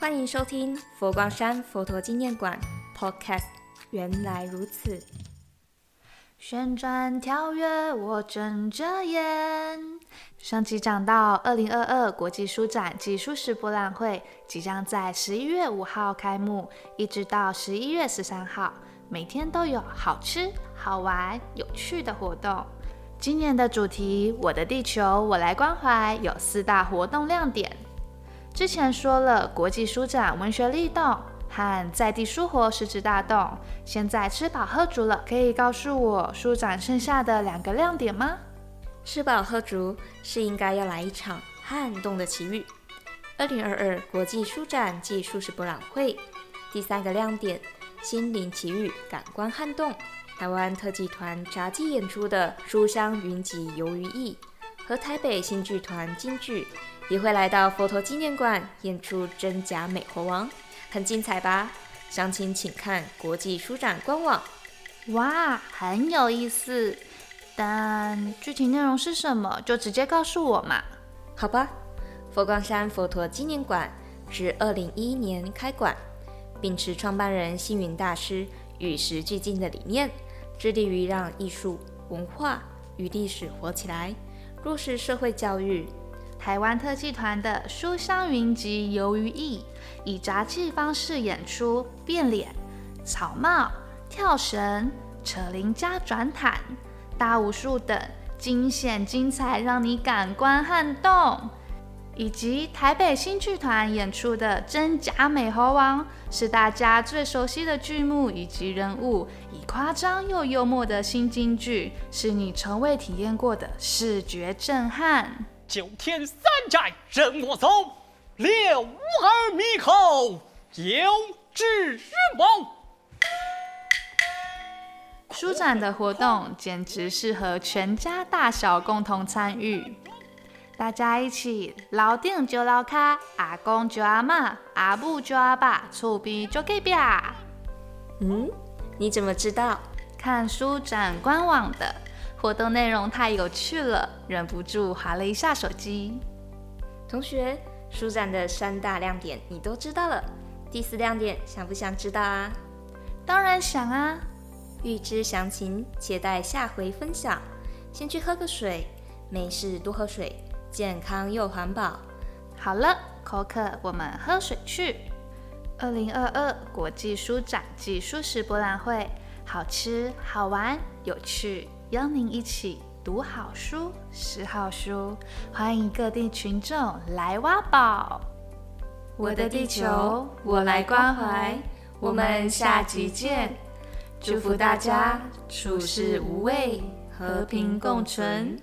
歡迎收聽佛光山佛陀紀念館 Podcast。原來如此，旋轉跳躍，我睜着眼。上集講到，二零二二國際書展暨蔬食博覽會即將在十一月五號開幕，一直到十一月十三號，每天都有好吃、好玩、有趣的活動。今年的主題“我的地球，我來關懷”，有四大活動亮點。之前說了國際書展文學力動和在地書活食指大動，現在吃飽喝足了，可以告訴我書展剩下的兩個亮點嗎？吃飽喝足，是應該要來一場撼動的奇遇。二零二二國際書展暨蔬食博覽會第三個亮點：心靈奇遇，感官撼動。台灣特技團雜技演出的《書香雲集游於藝》。和台北新劇團京劇也會來到佛陀紀念館演出《真假美猴王》，很精彩吧？詳情請看國際書展官網。哇，很有意思，但具體內容是什麼，就直接告訴我嘛。好吧。佛光山佛陀紀念館是二零一一年開館，秉持創辦人星雲大師與時俱進的理念，致力於讓藝術、文化與歷史活起來。入室社會教育，台灣特技團的書香雲集游於藝，以雜技方式演出變臉、草帽、跳繩、扯鈴加轉毯、大武術等驚險精彩，讓你感官撼動。以及台北新劇團演出的《真假美猴王》是大家最熟悉的劇目以及人物，以誇張又幽默的新京劇，是你從未體驗過的視覺震撼。九天三寨任我走，烈，六耳獼猴，妖之如毛。書展的活動簡直適合全家大小共同參與。大家一起，老頂就老卡，阿公就阿媽，阿母就阿爸，厝邊就隔壁。嗯？你怎麼知道？看書展官網的活動內容太有趣了，忍不住滑了一下手機。同學，書展的三大亮點你都知道了，第四亮點想不想知道啊？當然想啊！預知詳情，且待下回分享。先去喝個水，沒事多喝水。健康又環保。好了，口渴，我們喝水去。二零二二國際書展暨書食博覽會，好吃、好玩、有趣，邀您一起讀好書、食好書。歡迎各地群眾來挖寶。我的地球，我來關懷。我們下集見。祝福大家處事無畏，和平共存。